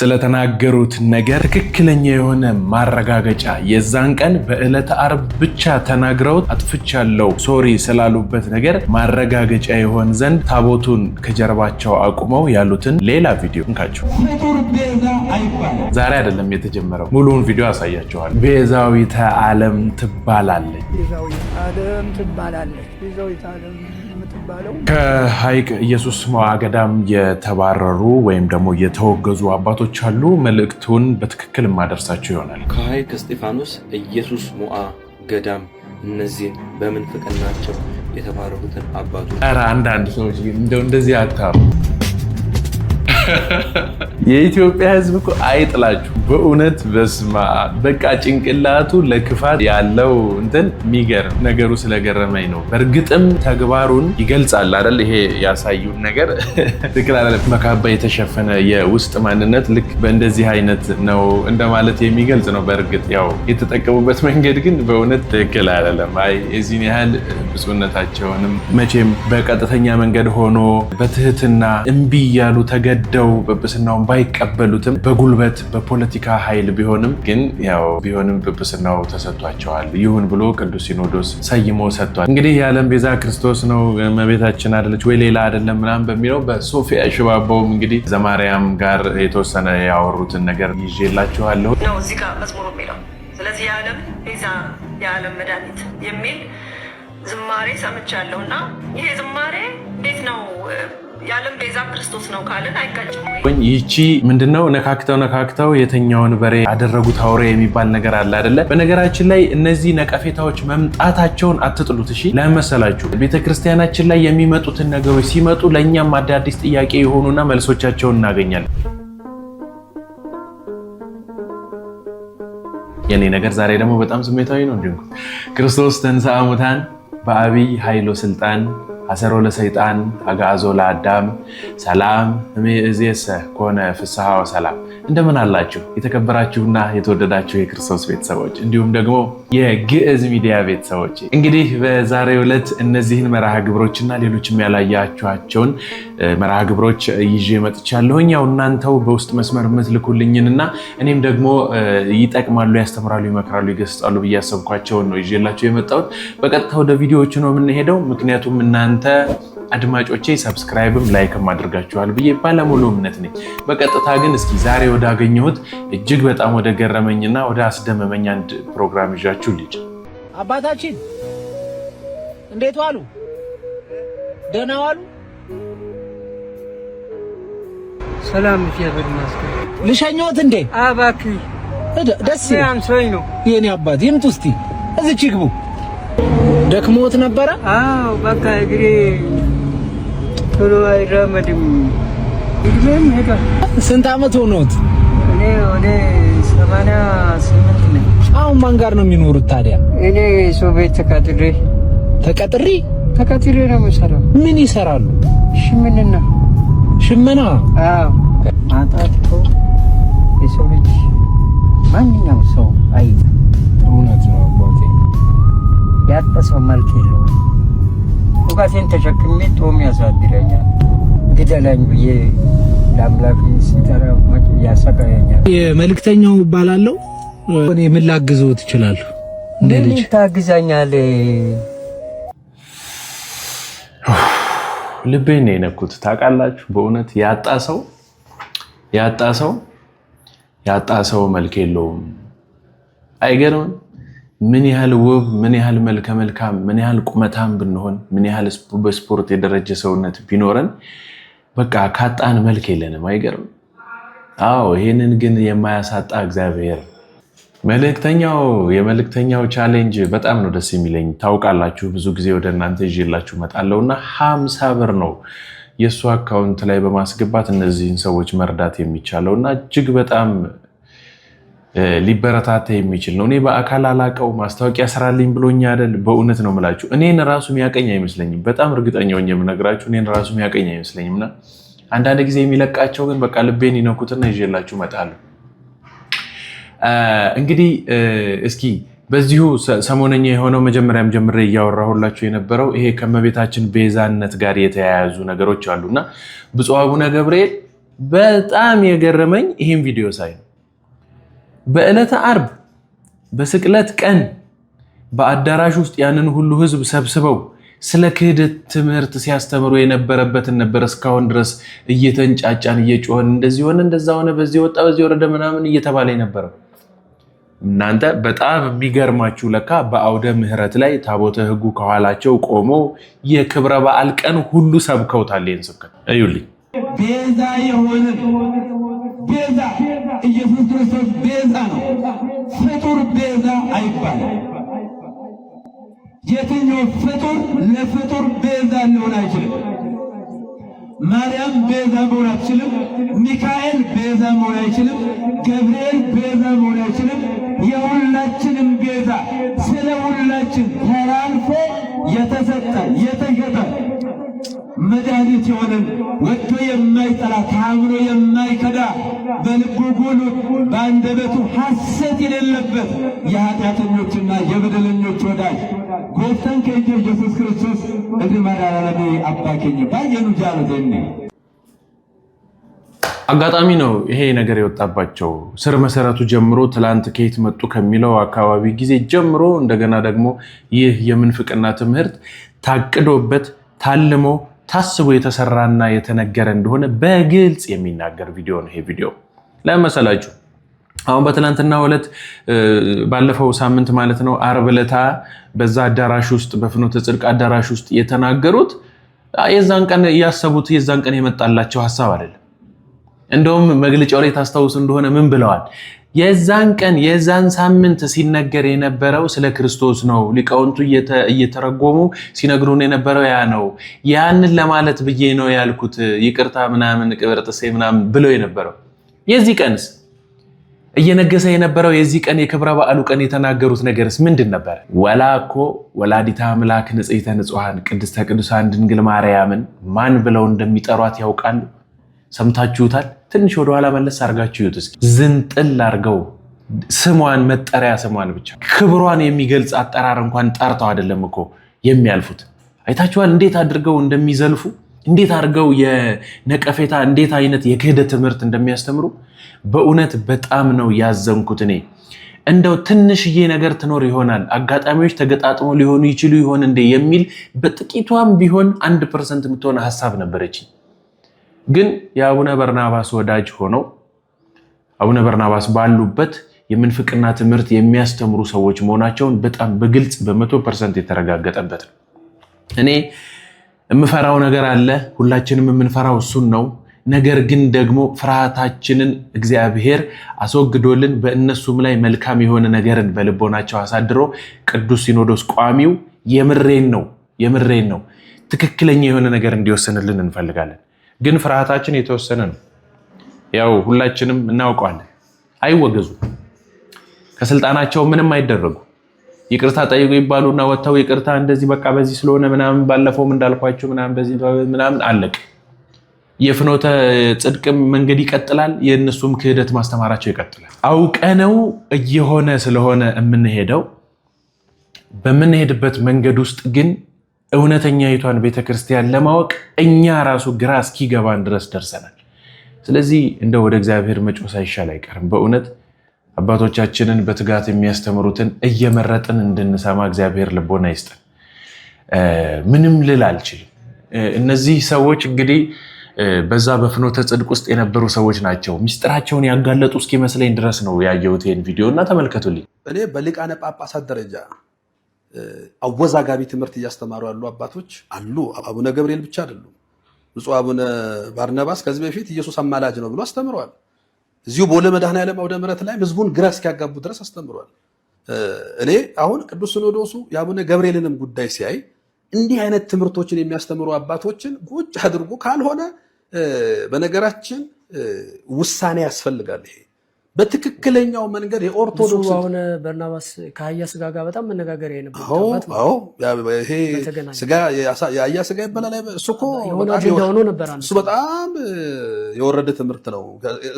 ስለተናገሩት ነገር ትክክለኛ የሆነ ማረጋገጫ የዛን ቀን በዕለተ አርብ ብቻ ተናግረውት አጥፍቻለሁ ሶሪ ስላሉበት ነገር ማረጋገጫ የሆን ዘንድ ታቦቱን ከጀርባቸው አቁመው ያሉትን ሌላ ቪዲዮ እንካቸው። ዛሬ አይደለም የተጀመረው፣ ሙሉውን ቪዲዮ አሳያችኋል። ቤዛዊተ ዓለም ትባላለች። ቤዛዊተ ዓለም ትባላለች። የሚባለው ከሀይቅ ኢየሱስ ገዳም የተባረሩ ወይም ደግሞ የተወገዙ አባቶች አሉ። መልእክቱን በትክክል የማደርሳቸው ይሆናል። ከሀይቅ እስጢፋኖስ ኢየሱስ ሞአ ገዳም እነዚህን በምን ፍቅር ናቸው የተባረሩትን አባቶች? ኧረ አንዳንድ ሰዎች እንደው እንደዚህ አታሩ የኢትዮጵያ ህዝብ እኮ አይጥላችሁ በእውነት በስማ በቃ ጭንቅላቱ ለክፋት ያለው እንትን የሚገርም ነገሩ ስለገረመኝ ነው። በእርግጥም ተግባሩን ይገልጻል አይደል? ይሄ ያሳዩን ነገር ትክክል አለ። መካባ የተሸፈነ የውስጥ ማንነት ልክ በእንደዚህ አይነት ነው እንደማለት የሚገልጽ ነው። በእርግጥ ያው የተጠቀሙበት መንገድ ግን በእውነት ትክክል አይደለም። አይ የዚህን ያህል ብፁዕነታቸውንም መቼም በቀጥተኛ መንገድ ሆኖ በትህትና እምቢ እያሉ ተገደው ጵጵስናውን ባይ ባይቀበሉትም በጉልበት በፖለቲካ ኃይል ቢሆንም ግን ያው ቢሆንም ጵጵስናው ተሰጥቷቸዋል። ይሁን ብሎ ቅዱስ ሲኖዶስ ሰይሞ ሰጥቷል። እንግዲህ የዓለም ቤዛ ክርስቶስ ነው መቤታችን አደለች ወይ ሌላ አይደለም ምናምን በሚለው በሶፊያ ሽባባውም እንግዲህ ዘማርያም ጋር የተወሰነ ያወሩትን ነገር ይዤላችኋለሁ ነው እዚህ ጋር መዝሙሩ የሚለው ስለዚህ የዓለም ቤዛ የዓለም መድኃኒት የሚል ዝማሬ ሰምቻለሁ እና ይሄ ዝማሬ እንዴት ነው የዓለም ቤዛ ክርስቶስ ነው ካልን አይጋጭም ይቺ ምንድነው ነካክተው ነካክተው የተኛውን በሬ አደረጉት አውሬ የሚባል ነገር አለ አይደለ? በነገራችን ላይ እነዚህ ነቀፌታዎች መምጣታቸውን አትጥሉት። እሺ ለመሰላችሁ ቤተክርስቲያናችን ላይ የሚመጡትን ነገሮች ሲመጡ ለእኛም አዳዲስ ጥያቄ የሆኑና መልሶቻቸውን እናገኛለን። የኔ ነገር ዛሬ ደግሞ በጣም ስሜታዊ ነው። እንዲሁ ክርስቶስ ተንሥአ በአብይ በአቢይ ኃይሎ ስልጣን አሰሮ ለሰይጣን አጋዞ ለአዳም ሰላም እምይእዜሰ ኮነ ፍስሐው ሰላም። እንደምን አላችሁ የተከበራችሁና የተወደዳችሁ የክርስቶስ ቤተሰቦች እንዲሁም ደግሞ የግዕዝ ሚዲያ ቤተሰቦች። እንግዲህ በዛሬው ዕለት እነዚህን መርሃ ግብሮችና ሌሎችም ያላያችኋቸውን መርሃ ግብሮች ይዤ መጥቻለሁኝ። ያው እናንተው በውስጥ መስመር የምትልኩልኝን እና እኔም ደግሞ ይጠቅማሉ፣ ያስተምራሉ፣ ይመክራሉ፣ ይገስጣሉ ብዬ ያሰብኳቸውን ነው ይዤላቸው የመጣሁት። በቀጥታ ወደ ቪዲዮዎቹ ነው የምንሄደው። ምክንያቱም እናንተ አድማጮቼ ሰብስክራይብም ላይክም አድርጋችኋል ብዬ ባለሙሉ እምነት ነኝ። በቀጥታ ግን እስኪ ዛሬ ወዳገኘሁት እጅግ በጣም ወደ ገረመኝና ወደ አስደመመኝ አንድ ፕሮግራም ይዣችሁ ልጅ አባታችን እንዴት ዋሉ? ደህና ዋሉ? ሰላም ይፈቅድ ማስከረ ልሸኛት እንዴ? አባክ ደስ ይላል። ሰው ነው የኔ አባት። ይምጡ እስቲ እዚች ይግቡ። ደክሞት ነበረ? አዎ በቃ እግሬ ቶሎ አይራመድም። እግሬም ሄዳ። ስንት አመት ሆኖት? እኔ ወደ ሰማንያ ስምንት ነኝ። አሁን ማን ጋር ነው የሚኖሩት ታዲያ? እኔ ሰው ቤት ተቀጥሬ ተቀጥሬ ተቀጥሬ ነው የምሰራው። ምን ይሰራሉ? እሺ ምንና ሽመና ማጣቶ የሰው ልጅ ማንኛውም ሰው አይ እውነት ነው አባቴ፣ ያጣ ሰው መልክ የለው ውጋቴን ተሸክሜ ጦም ያሳድረኛል። ግደለኝ ብዬ ለአምላክ ሲጠራ ያሰቃየኛል። የመልክተኛው እባላለሁ። እኔ ምን ላግዘው ትችላለሁ? እንደ ልጅ ታግዛኛለህ ልቤን ነው የነኩት። ታውቃላችሁ በእውነት ያጣ ሰው ያጣ ሰው ያጣ ሰው መልክ የለውም። አይገርምም? ምን ያህል ውብ፣ ምን ያህል መልከ መልካም፣ ምን ያህል ቁመታም ብንሆን፣ ምን ያህል በስፖርት የደረጀ ሰውነት ቢኖረን በቃ ካጣን መልክ የለንም። አይገርም? አዎ ይህንን ግን የማያሳጣ እግዚአብሔር መልእክተኛው የመልእክተኛው ቻሌንጅ በጣም ነው ደስ የሚለኝ። ታውቃላችሁ ብዙ ጊዜ ወደ እናንተ ይዤላችሁ እመጣለሁ እና ሀምሳ ብር ነው የእሱ አካውንት ላይ በማስገባት እነዚህን ሰዎች መርዳት የሚቻለው እና እጅግ በጣም ሊበረታታ የሚችል ነው። እኔ በአካል አላቀው ማስታወቂያ ስራልኝ ብሎኝ አይደል? በእውነት ነው የምላችሁ። እኔን ራሱ የሚያቀኝ አይመስለኝም። በጣም እርግጠኛ ሆኜ የምነግራችሁ እኔን ራሱ የሚያቀኝ አይመስለኝም እና አንዳንድ ጊዜ የሚለቃቸው ግን በቃ ልቤን ይነኩትና ይዤላችሁ እመጣለሁ። እንግዲህ እስኪ በዚሁ ሰሞነኛ የሆነው መጀመሪያም ጀምሬ እያወራሁላችሁ የነበረው ይሄ ከመቤታችን ቤዛነት ጋር የተያያዙ ነገሮች አሉና ብፁዕ አቡነ ገብርኤል በጣም የገረመኝ ይህም ቪዲዮ ሳይ ነው። በዕለተ ዓርብ በስቅለት ቀን በአዳራሽ ውስጥ ያንን ሁሉ ሕዝብ ሰብስበው ስለ ክህደት ትምህርት ሲያስተምሩ የነበረበትን ነበር። እስካሁን ድረስ እየተንጫጫን እየጮኸን እንደዚህ ሆነ እንደዛ ሆነ በዚህ ወጣ በዚህ ወረደ ምናምን እየተባለ የነበረው እናንተ በጣም የሚገርማችሁ ለካ በአውደ ምሕረት ላይ ታቦተ ሕጉ ከኋላቸው ቆሞ የክብረ በዓል ቀን ሁሉ ሰብከውታል። ይህን ስብከት እዩልኝ። ቤዛ የሆነ ቤዛ ኢየሱስ ክርስቶስ ቤዛ ነው። ፍጡር ቤዛ አይባልም። የትኛው ፍጡር ለፍጡር ቤዛ ሊሆን አይችልም። ማርያም ቤዛ መሆን አትችልም። ሚካኤል ቤዛ መሆን አይችልም። ገብርኤል ቤዛ መሆን አይችልም። የሁላችንም ቤዛ ስለ ሁላችን ተላልፎ የተሰጠ የተሸጠ መድኃኒት የሆነን ወጥቶ የማይጠላ ታምኖ የማይከዳ በልቡ ጉሉት በአንደበቱ ሐሰት የሌለበት የኃጢአተኞችና የበደለኞች ወዳጅ ጎተን ከእንጀ ኢየሱስ ክርስቶስ እድ መዳራረቢ አባኬኝ ባየኑ ጃሎት ዘኒ አጋጣሚ ነው ይሄ ነገር የወጣባቸው። ስር መሰረቱ ጀምሮ ትላንት ከየት መጡ ከሚለው አካባቢ ጊዜ ጀምሮ እንደገና ደግሞ ይህ የምንፍቅና ትምህርት ታቅዶበት ታልሞ ታስቦ የተሰራና የተነገረ እንደሆነ በግልጽ የሚናገር ቪዲዮ ነው። ይሄ ቪዲዮ ለመሰላችሁ አሁን በትናንትና ዕለት ባለፈው ሳምንት ማለት ነው አርብ ዕለታ በዛ አዳራሽ ውስጥ በፍኖተ ጽድቅ አዳራሽ ውስጥ የተናገሩት የዛን ቀን ያሰቡት የዛን ቀን የመጣላቸው ሀሳብ አይደለም። እንደውም መግለጫው ላይ ታስታውስ እንደሆነ ምን ብለዋል? የዛን ቀን የዛን ሳምንት ሲነገር የነበረው ስለ ክርስቶስ ነው። ሊቃውንቱ እየተረጎሙ ሲነግሩን የነበረው ያ ነው። ያንን ለማለት ብዬ ነው ያልኩት፣ ይቅርታ ምናምን ቅብር ጥሴ ምናምን ብለው የነበረው የዚህ ቀንስ እየነገሰ የነበረው የዚህ ቀን የክብረ በዓሉ ቀን የተናገሩት ነገርስ ምንድን ነበር? ወላ እኮ ወላዲታ አምላክ ንጽሕተ ንጹሐን ቅድስተ ቅዱሳን ድንግል ማርያምን ማን ብለው እንደሚጠሯት ያውቃሉ? ሰምታችሁታል? ትንሽ ወደኋላ መለስ አድርጋችሁ ይዩት እስኪ። ዝንጥል አድርገው ስሟን መጠሪያ ስሟን ብቻ ክብሯን የሚገልጽ አጠራር እንኳን ጠርተው አይደለም እኮ የሚያልፉት። አይታችኋል እንዴት አድርገው እንደሚዘልፉ እንዴት አድርገው የነቀፌታ እንዴት አይነት የክህደት ትምህርት እንደሚያስተምሩ በእውነት በጣም ነው ያዘንኩት። እኔ እንደው ትንሽዬ ነገር ትኖር ይሆናል አጋጣሚዎች ተገጣጥሞ ሊሆኑ ይችሉ ይሆን እንዴ የሚል በጥቂቷም ቢሆን አንድ ፐርሰንት የምትሆነ ሀሳብ ነበረችኝ። ግን የአቡነ በርናባስ ወዳጅ ሆነው አቡነ በርናባስ ባሉበት የምንፍቅና ትምህርት የሚያስተምሩ ሰዎች መሆናቸውን በጣም በግልጽ በመቶ ፐርሰንት የተረጋገጠበት ነው። እኔ የምፈራው ነገር አለ። ሁላችንም የምንፈራው እሱን ነው። ነገር ግን ደግሞ ፍርሃታችንን እግዚአብሔር አስወግዶልን በእነሱም ላይ መልካም የሆነ ነገርን በልቦናቸው አሳድሮ ቅዱስ ሲኖዶስ ቋሚው የምሬን ነው የምሬን ነው ትክክለኛ የሆነ ነገር እንዲወስንልን እንፈልጋለን። ግን ፍርሃታችን የተወሰነ ነው። ያው ሁላችንም እናውቀዋለን። አይወገዙ ከስልጣናቸው ምንም አይደረጉ ይቅርታ ጠይቁ ይባሉና ወጥተው ይቅርታ እንደዚህ በቃ በዚህ ስለሆነ ምናምን ባለፈውም እንዳልኳቸው ምናምን በዚህ ምናምን አለቅ የፍኖተ ጽድቅም መንገድ ይቀጥላል። የእነሱም ክህደት ማስተማራቸው ይቀጥላል። አውቀነው እየሆነ ስለሆነ የምንሄደው በምንሄድበት መንገድ ውስጥ ግን እውነተኛ ይቷን ቤተ ክርስቲያን ለማወቅ እኛ ራሱ ግራ እስኪገባን ድረስ ደርሰናል። ስለዚህ እንደ ወደ እግዚአብሔር መጮ ሳይሻል አይቀርም። በእውነት አባቶቻችንን በትጋት የሚያስተምሩትን እየመረጥን እንድንሰማ እግዚአብሔር ልቦና ይስጠን። ምንም ልል አልችልም። እነዚህ ሰዎች እንግዲህ በዛ በፍኖተ ጽድቅ ውስጥ የነበሩ ሰዎች ናቸው። ምስጢራቸውን ያጋለጡ እስኪመስለኝ ድረስ ነው ያየሁት ይህን ቪዲዮ እና ተመልከቱልኝ። እኔ በሊቃነ ጳጳሳት ደረጃ አወዛጋቢ ትምህርት እያስተማሩ ያሉ አባቶች አሉ። አቡነ ገብርኤል ብቻ አይደሉም። ብፁዕ አቡነ ባርነባስ ከዚህ በፊት ኢየሱስ አማላጅ ነው ብሎ አስተምረዋል። እዚሁ ቦሌ መድኃኔዓለም አውደ ምሕረት ላይ ህዝቡን ግራ እስኪያጋቡ ድረስ አስተምረዋል። እኔ አሁን ቅዱስ ሲኖዶሱ የአቡነ ገብርኤልንም ጉዳይ ሲያይ እንዲህ አይነት ትምህርቶችን የሚያስተምሩ አባቶችን ቁጭ አድርጎ ካልሆነ በነገራችን ውሳኔ ያስፈልጋል ይሄ በትክክለኛው መንገድ የኦርቶዶክስ አሁን በርናባስ ከአህያ ስጋ ጋር በጣም መነጋገር ስጋ የአህያ ስጋ እሱ እሱ በጣም የወረደ ትምህርት ነው።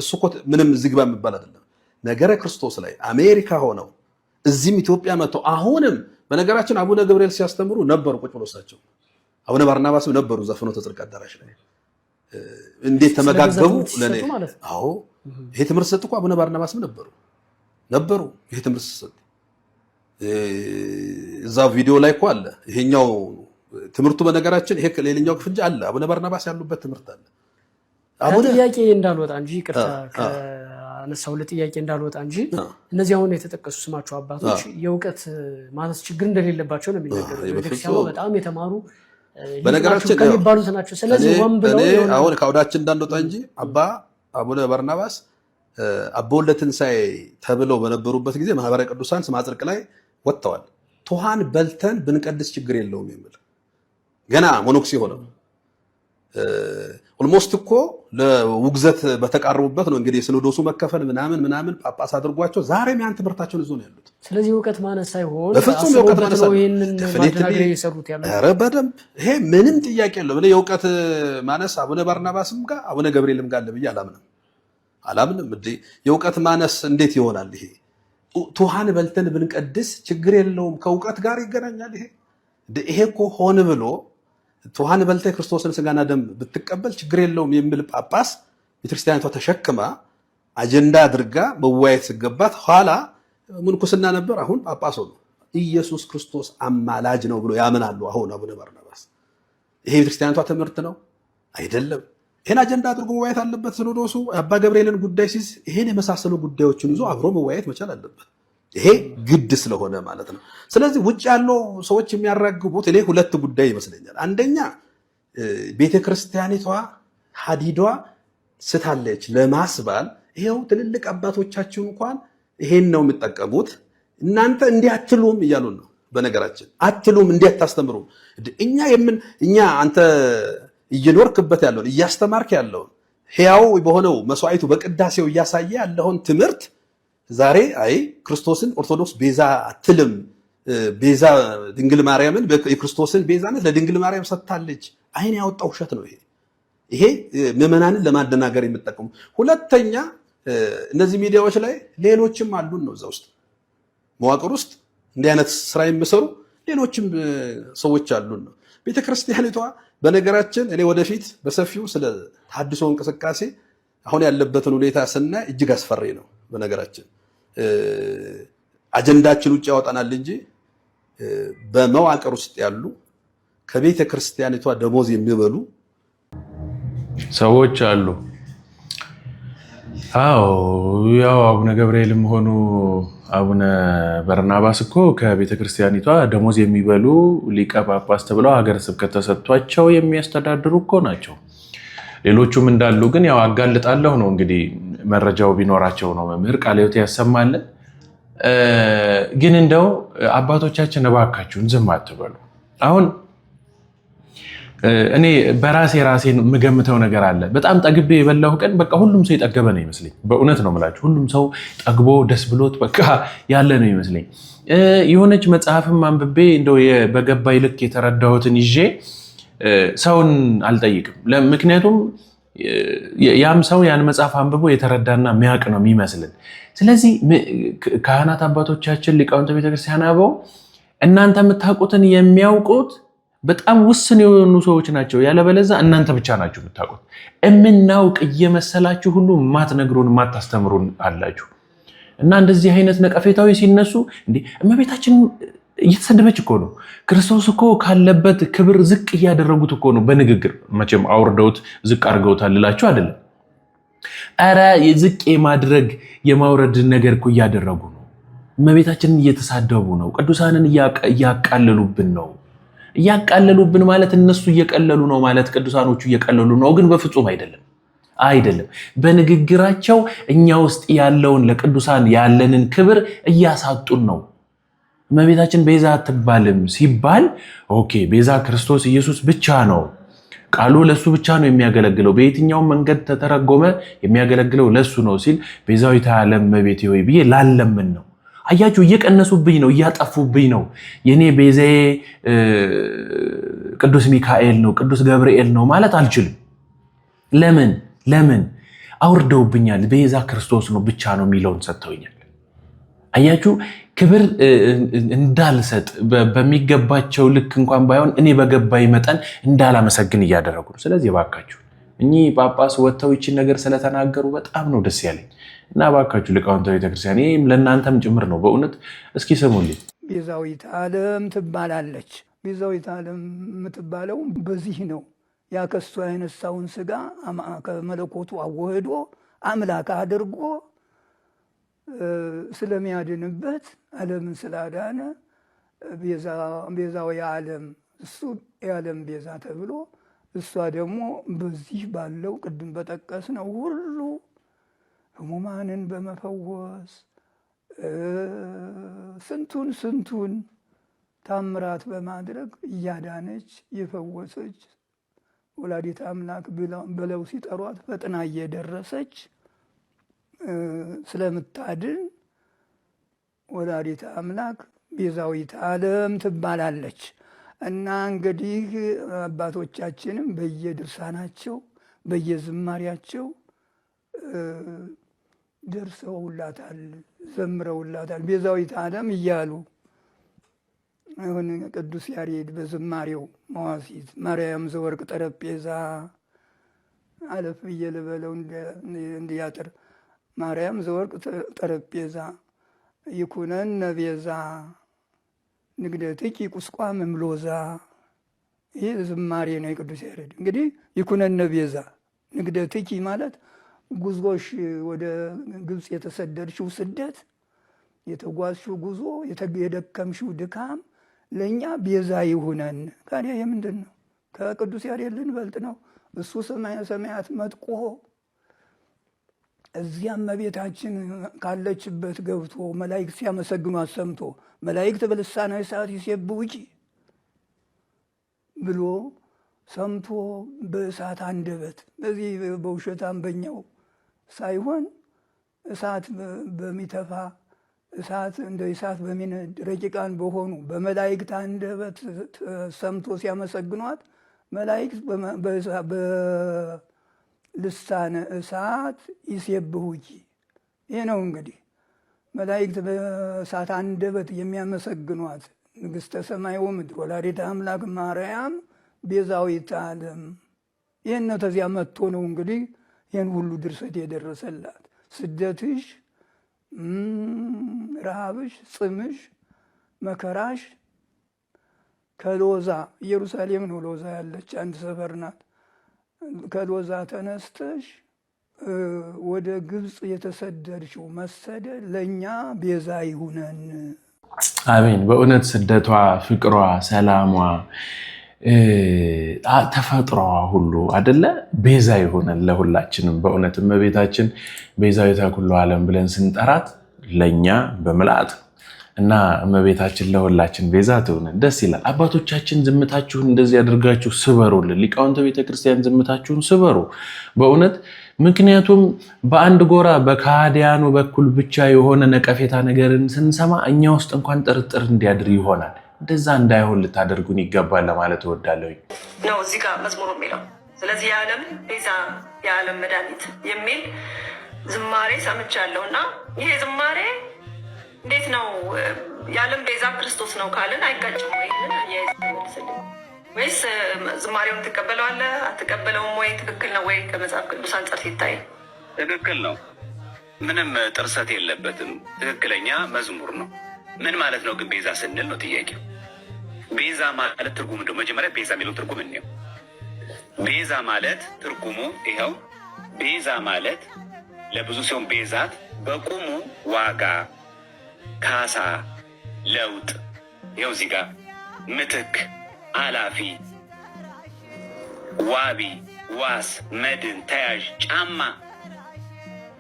እሱ እኮ ምንም ዝግባ የሚባል አይደለም። ነገረ ክርስቶስ ላይ አሜሪካ ሆነው እዚህም ኢትዮጵያ መጥተው አሁንም በነገራችን አቡነ ገብርኤል ሲያስተምሩ ነበሩ። ቁጭ ብሎ እሳቸው አቡነ ባርናባስም ነበሩ ዘፍኖ ጽድቅ አዳራሽ ላይ እንዴት ተመጋገቡ ለእኔ አዎ ይሄ ትምህርት ሲሰጥ እኮ አቡነ ባርናባስም ነበሩ ነበሩ። ይሄ ትምህርት ሰጥ እዛ ቪዲዮ ላይ እኮ አለ። ይሄኛው ትምህርቱ በነገራችን ይሄ ከሌላኛው ክፍል አለ። አቡነ ባርናባስ ያሉበት ትምህርት አለ። አቡነ ጥያቄ እንዳልወጣ እንጂ ይቅርታ ከነሳው ለጥያቄ እንዳልወጣ እንጂ እነዚህ አሁን የተጠቀሱ ስማቸው አባቶች የእውቀት ማነስ ችግር እንደሌለባቸው ነው የሚነገረው። በጣም የተማሩ በነገራችን ናቸው። ስለዚህ አሁን ከአውዳችን እንዳንወጣ እንጂ አባ አቡነ በርናባስ አቦ ወልደ ትንሣኤ ተብለው በነበሩበት ጊዜ ማህበረ ቅዱሳን ስመ ላይ ወጥተዋል። ቶሃን በልተን ብንቀድስ ችግር የለውም የሚል ገና ሞኖክሲ ሆነው ኦልሞስት እኮ ለውግዘት በተቃረቡበት ነው እንግዲህ የሲኖዶሱ መከፈል ምናምን ምናምን ጳጳስ አድርጓቸው ዛሬም ያን ትምህርታቸውን ይዞ ነው ያሉት። ስለዚህ እውቀት ማነስ ሳይሆን በፍጹም የእውቀት ማነስ በደንብ ይሄ ምንም ጥያቄ የለውም። እኔ የእውቀት ማነስ አቡነ ባርናባስም ጋር አቡነ ገብርኤልም ጋር ለብዬ አላምንም አላምንም። የእውቀት ማነስ እንዴት ይሆናል? ይሄ ቱሃን በልተን ብንቀድስ ችግር የለውም ከእውቀት ጋር ይገናኛል። ይሄ ይሄ እኮ ሆን ብሎ ትውሃን በልተ ክርስቶስን ስጋና ደም ብትቀበል ችግር የለውም የሚል ጳጳስ ቤተክርስቲያኒቷ ተሸክማ አጀንዳ አድርጋ መዋየት ስገባት ኋላ ምንኩስና ነበር፣ አሁን ጳጳስ ነው። ኢየሱስ ክርስቶስ አማላጅ ነው ብሎ ያምናሉ። አሁን አቡነ በርናባስ ይሄ ቤተክርስቲያኒቷ ትምህርት ነው አይደለም። ይህን አጀንዳ አድርጎ መዋየት አለበት። ስለዶሱ አባ ገብርኤልን ጉዳይ ሲይዝ ይህን የመሳሰሉ ጉዳዮችን ይዞ አብሮ መዋየት መቻል አለበት። ይሄ ግድ ስለሆነ ማለት ነው። ስለዚህ ውጭ ያለው ሰዎች የሚያራግቡት እኔ ሁለት ጉዳይ ይመስለኛል። አንደኛ ቤተክርስቲያኒቷ ሀዲዷ ስታለች ለማስባል ይሄው ትልልቅ አባቶቻችን እንኳን ይሄን ነው የሚጠቀሙት እናንተ እንዲህ አትሉም እያሉን ነው። በነገራችን አትሉም እንዲህ አታስተምሩም። እኛ የምን እኛ አንተ እየኖርክበት ያለውን እያስተማርክ ያለውን ሕያው በሆነው መስዋዕቱ በቅዳሴው እያሳየ ያለውን ትምህርት ዛሬ አይ ክርስቶስን ኦርቶዶክስ ቤዛ አትልም፣ ቤዛ ድንግል ማርያምን የክርስቶስን ቤዛነት ለድንግል ማርያም ሰጥታለች። አይን ያወጣው ውሸት ነው ይሄ ይሄ ምዕመናንን ለማደናገር የምጠቀሙ። ሁለተኛ እነዚህ ሚዲያዎች ላይ ሌሎችም አሉን ነው እዛ ውስጥ መዋቅር ውስጥ እንዲህ አይነት ስራ የሚሰሩ ሌሎችም ሰዎች አሉን ነው። ቤተክርስቲያኒቷ በነገራችን እኔ ወደፊት በሰፊው ስለ ተሐድሶ እንቅስቃሴ አሁን ያለበትን ሁኔታ ስናይ እጅግ አስፈሪ ነው በነገራችን አጀንዳችን ውጭ ያወጣናል እንጂ በመዋቅር ውስጥ ያሉ ከቤተ ክርስቲያኒቷ ደሞዝ የሚበሉ ሰዎች አሉ። አዎ ያው አቡነ ገብርኤልም ሆኑ አቡነ በርናባስ እኮ ከቤተ ክርስቲያኒቷ ደሞዝ የሚበሉ ሊቀ ጳጳስ ተብለው ሀገረ ስብከት ተሰጥቷቸው የሚያስተዳድሩ እኮ ናቸው። ሌሎቹም እንዳሉ ግን ያው አጋልጣለሁ ነው እንግዲህ መረጃው ቢኖራቸው ነው መምህር ቃልዮት ያሰማልን። ግን እንደው አባቶቻችን እባካችሁን ዝም አትበሉ። አሁን እኔ በራሴ ራሴን የምገምተው ነገር አለ። በጣም ጠግቤ የበላሁ ቀን በቃ ሁሉም ሰው የጠገበ ነው ይመስለኝ። በእውነት ነው የምላችሁ፣ ሁሉም ሰው ጠግቦ ደስ ብሎት በቃ ያለ ነው ይመስለኝ። የሆነች መጽሐፍም አንብቤ እንደው በገባይ ልክ የተረዳሁትን ይዤ ሰውን አልጠይቅም። ምክንያቱም ያም ሰው ያን መጽሐፍ አንብቦ የተረዳና የሚያውቅ ነው የሚመስልን። ስለዚህ ካህናት አባቶቻችን ሊቃውንተ ቤተክርስቲያን አበው እናንተ የምታውቁትን የሚያውቁት በጣም ውስን የሆኑ ሰዎች ናቸው። ያለበለዛ እናንተ ብቻ ናችሁ የምታውቁት። የምናውቅ እየመሰላችሁ ሁሉ ማትነግሩን ማታስተምሩን አላችሁ እና እንደዚህ አይነት ነቀፌታዊ ሲነሱ እመቤታችን እየተሰደበች እኮ ነው። ክርስቶስ እኮ ካለበት ክብር ዝቅ እያደረጉት እኮ ነው። በንግግር መቼም አውርደውት ዝቅ አድርገውታል ልላችሁ አይደለም። ኧረ ዝቅ የማድረግ የማውረድ ነገር እኮ እያደረጉ ነው። እመቤታችንን እየተሳደቡ ነው። ቅዱሳንን እያቃለሉብን ነው። እያቃለሉብን ማለት እነሱ እየቀለሉ ነው ማለት ቅዱሳኖቹ እየቀለሉ ነው፣ ግን በፍጹም አይደለም አይደለም። በንግግራቸው እኛ ውስጥ ያለውን ለቅዱሳን ያለንን ክብር እያሳጡን ነው። እመቤታችን ቤዛ አትባልም ሲባል ኦኬ ቤዛ ክርስቶስ ኢየሱስ ብቻ ነው። ቃሉ ለሱ ብቻ ነው የሚያገለግለው። በየትኛውም መንገድ ተተረጎመ የሚያገለግለው ለሱ ነው ሲል ቤዛዊተ ዓለም እመቤቴ ሆይ ብዬ ላለምን ነው። አያችሁ፣ እየቀነሱብኝ ነው፣ እያጠፉብኝ ነው። የኔ ቤዛዬ ቅዱስ ሚካኤል ነው፣ ቅዱስ ገብርኤል ነው ማለት አልችልም። ለምን ለምን አውርደውብኛል። ቤዛ ክርስቶስ ነው ብቻ ነው የሚለውን ሰጥተውኛል። አያችሁ ክብር እንዳልሰጥ በሚገባቸው ልክ እንኳን ባይሆን እኔ በገባኝ መጠን እንዳላመሰግን እያደረጉ ነው። ስለዚህ እባካችሁ እኚህ ጳጳስ ወጥተው ይችን ነገር ስለተናገሩ በጣም ነው ደስ ያለኝ እና እባካችሁ ሊቃውንተ ቤተክርስቲያን፣ ይህም ለእናንተም ጭምር ነው። በእውነት እስኪ ስሙልኝ። ቤዛዊት ዓለም ትባላለች። ቤዛዊት ዓለም የምትባለው በዚህ ነው። ያከሱ ያነሳውን ስጋ ከመለኮቱ አዋህዶ አምላክ አድርጎ ስለሚያድንበት ዓለምን ስላዳነ ቤዛው የዓለም እሱ የዓለም ቤዛ ተብሎ እሷ ደግሞ በዚህ ባለው ቅድም በጠቀስ ነው ሁሉ ህሙማንን በመፈወስ ስንቱን ስንቱን ታምራት በማድረግ እያዳነች የፈወሰች ወላዲት አምላክ ብለው ሲጠሯት ፈጥና እየደረሰች ስለምታድን ወላዲተ አምላክ ቤዛዊት ዓለም ትባላለች እና እንግዲህ አባቶቻችንም በየድርሳናቸው በየዝማሪያቸው ደርሰውላታል፣ ዘምረውላታል ቤዛዊት ዓለም እያሉ አሁን ቅዱስ ያሬድ በዝማሬው መዋሲት ማርያም ዘወርቅ ጠረጴዛ አለፍ ብዬ ልበለው እንዲያጥር ማርያም ዘወርቅ ጠረጴዛ ይኩነን ቤዛ ንግደትኪ ቁስቋም እምሎዛ። ይህ ዝማሬ ነው የቅዱስ ያሬድ። እንግዲህ ይኩነን ቤዛ ንግደትኪ ማለት ጉዞሽ ወደ ግብፅ የተሰደድሽው ስደት የተጓዝሽው ጉዞ የደከምሽው ድካም ለእኛ ቤዛ ይሁነን። ካዲያ የምንድን ነው? ከቅዱስ ያሬድ ልንበልጥ ነው? እሱ ሰማያት መጥቆ እዚያም መቤታችን ካለችበት ገብቶ መላእክት ሲያመሰግኑ አሰምቶ መላይክት በልሳነ ሰዓት ይሴብ ውጪ ብሎ ሰምቶ በእሳት አንደበት በዚህ በውሸት አንበኛው ሳይሆን እሳት በሚተፋ እሳት እንደ እሳት በሚነድ ረቂቃን በሆኑ በመላይክት አንደበት ሰምቶ ሲያመሰግኗት መላይክት ልሳነ እሳት ይሴብሁኪ። ይህ ነው እንግዲህ መላእክት በእሳት አንደበት የሚያመሰግኗት ንግሥተ ሰማይ ወምድር ወላዲተ አምላክ ማርያም ቤዛዊተ ዓለም። ይህን ነው ተዚያ መጥቶ ነው እንግዲህ ይህን ሁሉ ድርሰት የደረሰላት ስደትሽ፣ ረሃብሽ፣ ጽምሽ፣ መከራሽ ከሎዛ ኢየሩሳሌም ነው ሎዛ ያለች አንድ ሰፈር ናት። ከሎዛ ተነስተሽ ወደ ግብፅ የተሰደድሽው መሰደድ ለእኛ ቤዛ ይሁነን። አሜን። በእውነት ስደቷ፣ ፍቅሯ፣ ሰላሟ፣ ተፈጥሯዋ ሁሉ አደለ ቤዛ ይሆነን ለሁላችንም። በእውነት እመቤታችን ቤዛዊተ ኩሉ ዓለም ብለን ስንጠራት ለእኛ በምልአት እና እመቤታችን ለሁላችን ቤዛ ትሆንን። ደስ ይላል። አባቶቻችን ዝምታችሁን እንደዚህ አድርጋችሁ ስበሩልን። ሊቃውንተ ቤተክርስቲያን ዝምታችሁን ስበሩ በእውነት ምክንያቱም በአንድ ጎራ በካዲያኑ በኩል ብቻ የሆነ ነቀፌታ ነገርን ስንሰማ እኛ ውስጥ እንኳን ጥርጥር እንዲያድር ይሆናል። እንደዛ እንዳይሆን ልታደርጉን ይገባል ለማለት እወዳለሁ ነው እዚህ ጋር መዝሙሩ የሚለው ስለዚህ የዓለም ቤዛ የዓለም መድኃኒት የሚል ዝማሬ ሰምቻለሁ እና ይሄ ዝማሬ እንዴት ነው የዓለም ቤዛ ክርስቶስ ነው ካልን አይጋጭም ወይ? ወይስ ዝማሬውን ትቀበለዋለህ አትቀበለውም ወይ? ትክክል ነው ወይ? ከመጽሐፍ ቅዱስ አንጻር ሲታይ ትክክል ነው። ምንም ጥርሰት የለበትም። ትክክለኛ መዝሙር ነው። ምን ማለት ነው ግን ቤዛ ስንል ነው ጥያቄው። ቤዛ ማለት ትርጉም እንደው መጀመሪያ ቤዛ የሚለው ትርጉም እንየው። ቤዛ ማለት ትርጉሙ ይኸው ቤዛ ማለት ለብዙ ሲሆን ቤዛት በቁሙ ዋጋ ካሳ፣ ለውጥ ይኸው እዚህ ጋር ምትክ፣ አላፊ፣ ዋቢ፣ ዋስ፣ መድን፣ ተያዥ፣ ጫማ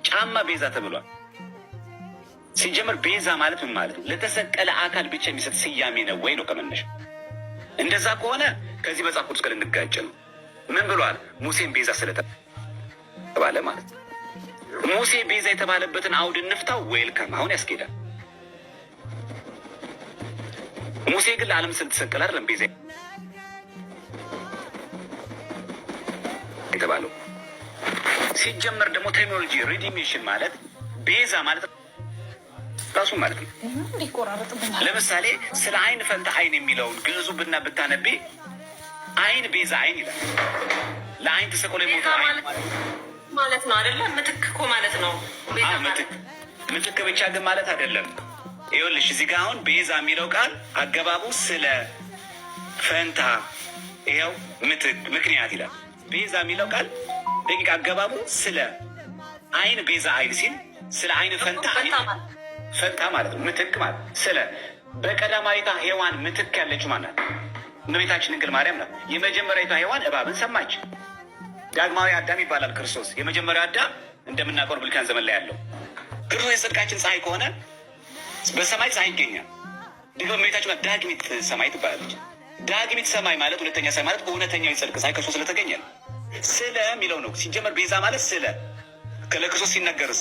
ጫማ ቤዛ ተብሏል። ሲጀምር ቤዛ ማለት ምን ማለት ነው? ለተሰቀለ አካል ብቻ የሚሰጥ ስያሜ ነው ወይ ነው ከመነሽ? እንደዛ ከሆነ ከዚህ መጽሐፍ ቅዱስ ጋር እንጋጭ ነው። ምን ብሏል? ሙሴን ቤዛ ስለተባለ ማለት ሙሴ ቤዛ የተባለበትን አውድ እንፍታው። ዌልከም አሁን ያስኬዳል። ሙሴ ግን ለዓለም ስለተሰቀለ አይደለም ቤዛ የተባለው። ሲጀመር ደግሞ ቴክኖሎጂ ሪዲሜሽን ማለት ቤዛ ማለት ራሱ ማለት ነው። ለምሳሌ ስለ አይን ፈንታ አይን የሚለውን ግዕዙ ብና ብታነቤ አይን ቤዛ አይን ይላል። ለአይን ተሰቅሎ የሞተው ማለት ነው አይደለም። ምትክ እኮ ማለት ነው። ምትክ ብቻ ግን ማለት አይደለም። ይኸውልሽ እዚህ ጋ አሁን ቤዛ የሚለው ቃል አገባቡ ስለ ፈንታ፣ ይኸው ምትክ፣ ምክንያት ይላል። ቤዛ የሚለው ቃል ደቂቅ አገባቡ ስለ አይን ቤዛ አይን ሲል ስለ አይን ፈንታ ፈንታ ማለት ነው። ምትክ ማለት ስለ በቀዳማዊቷ ሔዋን ምትክ ያለች ማናት? እመቤታችን ድንግል ማርያም ነው። የመጀመሪያዊቷ ሔዋን እባብን ሰማች። ዳግማዊ አዳም ይባላል ክርስቶስ። የመጀመሪያው አዳም እንደምናውቀው ብልካን ዘመን ላይ ያለው ክርስቶስ የጽድቃችን ፀሐይ ከሆነ በሰማይ ፀሐይ ይገኛል። ድገም መቤታችን ዳግሚት ሰማይ ትባላለች። ዳግሚት ሰማይ ማለት ሁለተኛ ሰማይ ማለት እውነተኛው የጽድቅ ፀሐይ ከሱ ስለተገኘ ነው። ስለ የሚለው ነው ሲጀመር ቤዛ ማለት ስለ ለክርስቶስ ሲነገርስ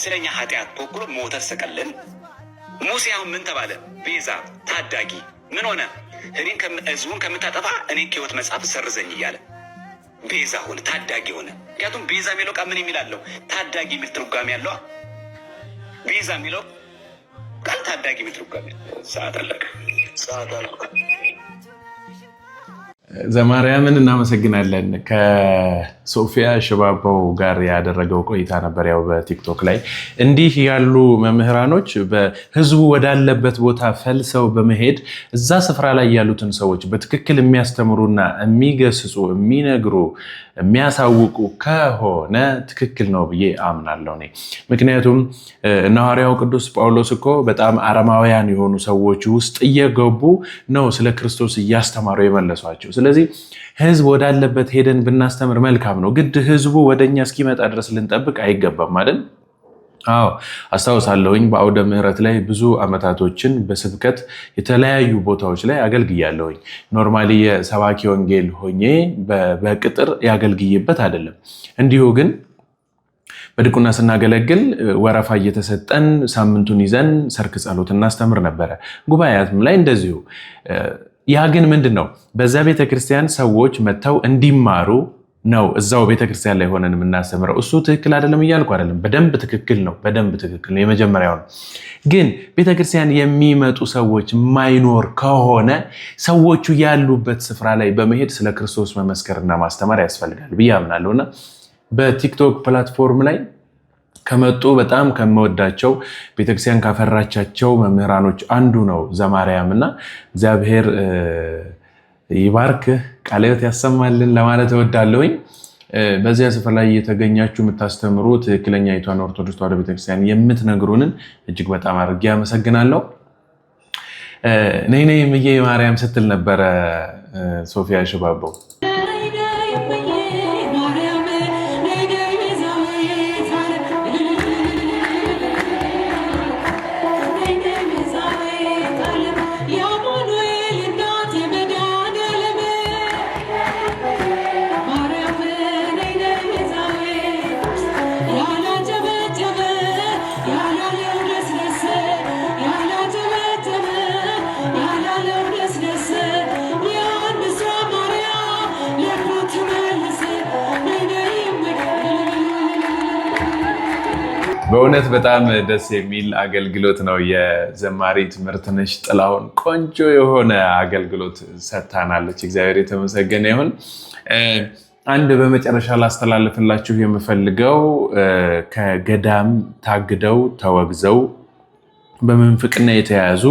ስለኛ ኃጢአት ተወክሎ ሞተ፣ ተሰቀለን። ሙሴ አሁን ምን ተባለ? ቤዛ ታዳጊ ምን ሆነ? እኔን ህዝቡን ከምታጠፋ እኔን ከህይወት መጽሐፍ ሰርዘኝ እያለ ቤዛ ሆነ፣ ታዳጊ ሆነ። ምክንያቱም ቤዛ የሚለው ቃል ምን የሚላለው ታዳጊ የሚል ትርጓሜ ያለዋ ቤዛ የሚለው ታዳጊ ሚትሩጋሚ ሰዓት አለቀ። ሰዓት አለቀ። ዘማርያምን እናመሰግናለን። ከሶፊያ ሽባባው ጋር ያደረገው ቆይታ ነበር። ያው በቲክቶክ ላይ እንዲህ ያሉ መምህራኖች በህዝቡ ወዳለበት ቦታ ፈልሰው በመሄድ እዛ ስፍራ ላይ ያሉትን ሰዎች በትክክል የሚያስተምሩና የሚገስጹ፣ የሚነግሩ፣ የሚያሳውቁ ከሆነ ትክክል ነው ብዬ አምናለሁ ምክንያቱም እነ ሐዋርያው ቅዱስ ጳውሎስ እኮ በጣም አረማውያን የሆኑ ሰዎች ውስጥ እየገቡ ነው ስለ ክርስቶስ እያስተማሩ የመለሷቸው ስለዚህ ህዝብ ወዳለበት ሄደን ብናስተምር መልካም ነው። ግድ ህዝቡ ወደኛ እስኪመጣ ድረስ ልንጠብቅ አይገባም ማለት አዎ አስታውሳለሁኝ። በአውደ ምሕረት ላይ ብዙ አመታቶችን በስብከት የተለያዩ ቦታዎች ላይ አገልግያለሁኝ። ኖርማሊ የሰባኪ ወንጌል ሆኜ በቅጥር ያገልግይበት አይደለም። እንዲሁ ግን በድቁና ስናገለግል ወረፋ እየተሰጠን ሳምንቱን ይዘን ሰርክ ጸሎት እናስተምር ነበረ። ጉባኤያትም ላይ እንደዚሁ ያ ግን ምንድን ነው? በዛ ቤተክርስቲያን ሰዎች መጥተው እንዲማሩ ነው። እዛው ቤተክርስቲያን ላይ ሆነን የምናስተምረው እሱ ትክክል አይደለም እያልኩ አይደለም። በደንብ ትክክል ነው፣ በደንብ ትክክል ነው። የመጀመሪያው ነው። ግን ቤተክርስቲያን የሚመጡ ሰዎች ማይኖር ከሆነ ሰዎቹ ያሉበት ስፍራ ላይ በመሄድ ስለ ክርስቶስ መመስከርና ማስተማር ያስፈልጋል ብዬ አምናለሁ እና በቲክቶክ ፕላትፎርም ላይ ከመጡ በጣም ከምወዳቸው ቤተክርስቲያን ካፈራቻቸው መምህራኖች አንዱ ነው ዘማርያም እና እግዚአብሔር ይባርክህ ቃልዮት ያሰማልን ለማለት እወዳለሁኝ። በዚያ ስፍራ ላይ እየተገኛችሁ የምታስተምሩ ትክክለኛ የቷን ኦርቶዶክስ ተዋሕዶ ቤተክርስቲያን የምትነግሩንን እጅግ በጣም አድርጌ አመሰግናለሁ። ነይ ነይ እምዬ ማርያም ስትል ነበረ ሶፊያ ሽባባው በእውነት በጣም ደስ የሚል አገልግሎት ነው። የዘማሪ ትምህርትነሽ ጥላሁን ቆንጆ የሆነ አገልግሎት ሰጥታናለች። እግዚአብሔር የተመሰገነ ይሁን። አንድ በመጨረሻ ላስተላልፍላችሁ የምፈልገው ከገዳም ታግደው ተወግዘው በምንፍቅና የተያያዙ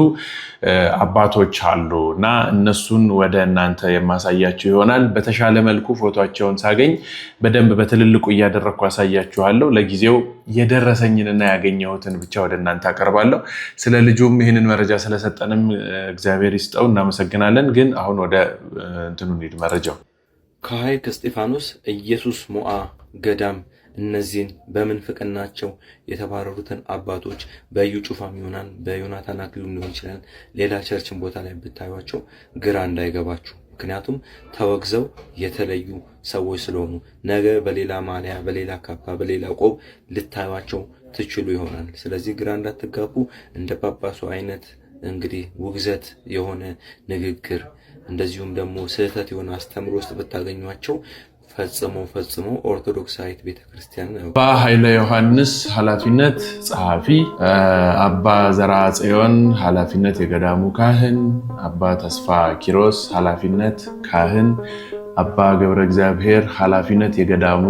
አባቶች አሉ እና እነሱን ወደ እናንተ የማሳያችሁ ይሆናል። በተሻለ መልኩ ፎቶቸውን ሳገኝ በደንብ በትልልቁ እያደረግኩ አሳያችኋለሁ። ለጊዜው የደረሰኝንና ያገኘሁትን ብቻ ወደ እናንተ አቀርባለሁ። ስለ ልጁም ይህንን መረጃ ስለሰጠንም እግዚአብሔር ይስጠው፣ እናመሰግናለን። ግን አሁን ወደ እንትኑ እንሂድ። መረጃው ከሐይቅ እስጢፋኖስ ኢየሱስ ሞአ ገዳም እነዚህን በምንፍቅናቸው የተባረሩትን አባቶች በዩ ጩፋም ይሆናል፣ በዮናታን አክሊሉም ሊሆን ይችላል፣ ሌላ ቸርችን ቦታ ላይ ብታዩቸው ግራ እንዳይገባችሁ። ምክንያቱም ተወግዘው የተለዩ ሰዎች ስለሆኑ ነገ በሌላ ማሊያ፣ በሌላ ካባ፣ በሌላ ቆብ ልታዩቸው ትችሉ ይሆናል። ስለዚህ ግራ እንዳትጋቡ እንደ ጳጳሱ አይነት እንግዲህ ውግዘት የሆነ ንግግር እንደዚሁም ደግሞ ስህተት የሆነ አስተምሮ ውስጥ ብታገኟቸው ፈጽሞ ፈጽሞ ኦርቶዶክሳዊት ቤተክርስቲያን ነው። አባ ኃይለ ዮሐንስ ኃላፊነት ጸሐፊ፣ አባ ዘራ ጽዮን ኃላፊነት የገዳሙ ካህን፣ አባ ተስፋ ኪሮስ ኃላፊነት ካህን፣ አባ ገብረ እግዚአብሔር ኃላፊነት የገዳሙ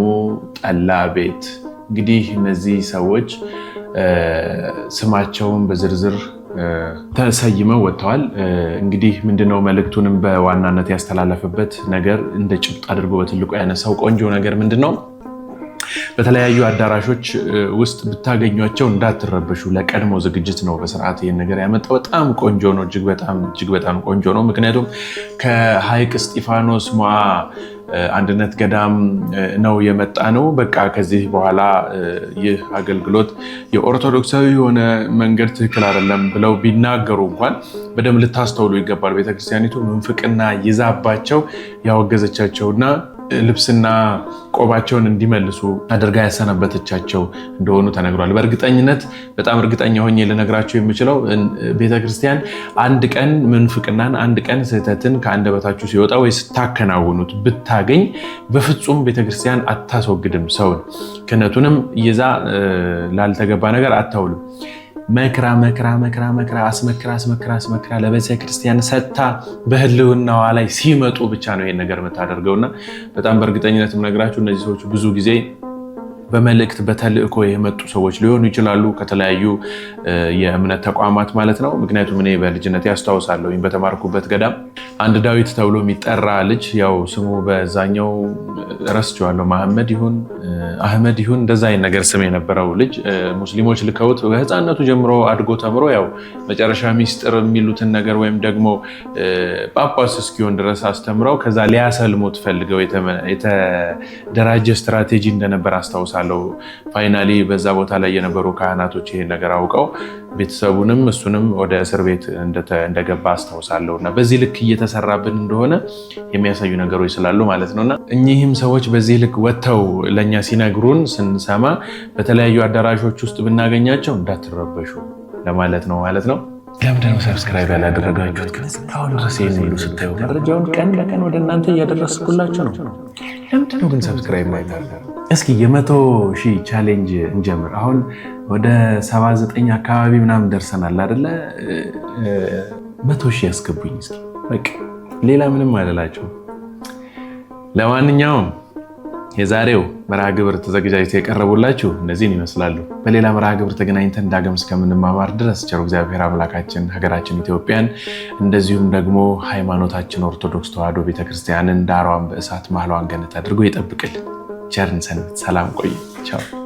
ጠላ ቤት። እንግዲህ እነዚህ ሰዎች ስማቸውን በዝርዝር ተሰይመው ወጥተዋል። እንግዲህ ምንድነው መልእክቱንም በዋናነት ያስተላለፈበት ነገር እንደ ጭብጥ አድርጎ በትልቁ ያነሳው ቆንጆ ነገር ምንድን ነው በተለያዩ አዳራሾች ውስጥ ብታገኟቸው እንዳትረበሹ። ለቀድሞ ዝግጅት ነው በስርዓት ይህን ነገር ያመጣው። በጣም ቆንጆ ነው። እጅግ በጣም ቆንጆ ነው። ምክንያቱም ከሀይቅ እስጢፋኖስ ሞዓ አንድነት ገዳም ነው የመጣ ነው። በቃ ከዚህ በኋላ ይህ አገልግሎት የኦርቶዶክሳዊ የሆነ መንገድ ትክክል አይደለም ብለው ቢናገሩ እንኳን በደንብ ልታስተውሉ ይገባል። ቤተክርስቲያኒቱ ምንፍቅና ይዛባቸው ያወገዘቻቸውና ልብስና ቆባቸውን እንዲመልሱ አድርጋ ያሰናበተቻቸው እንደሆኑ ተነግሯል። በእርግጠኝነት በጣም እርግጠኛ ሆኜ ልነግራቸው የምችለው ቤተክርስቲያን አንድ ቀን ምንፍቅናን፣ አንድ ቀን ስህተትን ከአንደበታችሁ ሲወጣ ወይ ስታከናውኑት ብታገኝ በፍጹም ቤተክርስቲያን አታስወግድም። ሰውን ክህነቱንም ይዛ ላልተገባ ነገር አታውልም። መክራ መክራ መክራ መክራ አስመክራ አስመክራ አስመክራ ለቤተ ክርስቲያን ሰጥታ በህልውናዋ ላይ ሲመጡ ብቻ ነው ይሄን ነገር የምታደርገውና በጣም በእርግጠኝነት ነግራችሁ እነዚህ ሰዎች ብዙ ጊዜ በመልእክት በተልእኮ የመጡ ሰዎች ሊሆኑ ይችላሉ፣ ከተለያዩ የእምነት ተቋማት ማለት ነው። ምክንያቱም እኔ በልጅነት ያስታውሳለሁ በተማርኩበት ገዳም አንድ ዳዊት ተብሎ የሚጠራ ልጅ ያው ስሙ በዛኛው ረስቼዋለሁ፣ መሐመድ ይሁን አህመድ ይሁን እንደዛ አይነት ነገር ስም የነበረው ልጅ ሙስሊሞች ልከውት በህፃነቱ ጀምሮ አድጎ ተምሮ ያው መጨረሻ ሚስጥር የሚሉትን ነገር ወይም ደግሞ ጳጳስ እስኪሆን ድረስ አስተምረው ከዛ ሊያሰልሙት ፈልገው የተደራጀ ስትራቴጂ እንደነበር አስታውሳለሁ። አስታውሳለሁ። ፋይናሊ በዛ ቦታ ላይ የነበሩ ካህናቶች ይሄን ነገር አውቀው ቤተሰቡንም እሱንም ወደ እስር ቤት እንደገባ አስታውሳለሁ። እና በዚህ ልክ እየተሰራብን እንደሆነ የሚያሳዩ ነገሮች ስላሉ ማለት ነው። እና እኚህም ሰዎች በዚህ ልክ ወጥተው ለእኛ ሲነግሩን ስንሰማ በተለያዩ አዳራሾች ውስጥ ብናገኛቸው እንዳትረበሹ ለማለት ነው ማለት ነው። ለምንድነው ሰብስክራይብ ያላደረጋችሁት? ግን እስካሁን ድረስ ሁሉ ስታዩ መረጃውን ቀን ለቀን ወደ እናንተ እያደረስኩላችሁ ነው። ለምንድነው ግን ሰብስክራይብ ማይታለ እስኪ የመቶ ሺህ ቻሌንጅ እንጀምር። አሁን ወደ 79 አካባቢ ምናምን ደርሰናል አደለ? መቶ ሺህ ያስገቡኝ እስኪ በቃ ሌላ ምንም አልላቸው። ለማንኛውም የዛሬው መርሃ ግብር ተዘጋጅቶ የቀረቡላችሁ እነዚህን ይመስላሉ። በሌላ መርሃ ግብር ተገናኝተን ዳግም እስከምንማማር ድረስ ቸሩ እግዚአብሔር አምላካችን ሀገራችን ኢትዮጵያን እንደዚሁም ደግሞ ሃይማኖታችን ኦርቶዶክስ ተዋሕዶ ቤተክርስቲያንን ዳሯን በእሳት ማህሏን ገነት አድርጎ ይጠብቅልን። ቸርን ሰንብት። ሰላም ቆይ። ቻው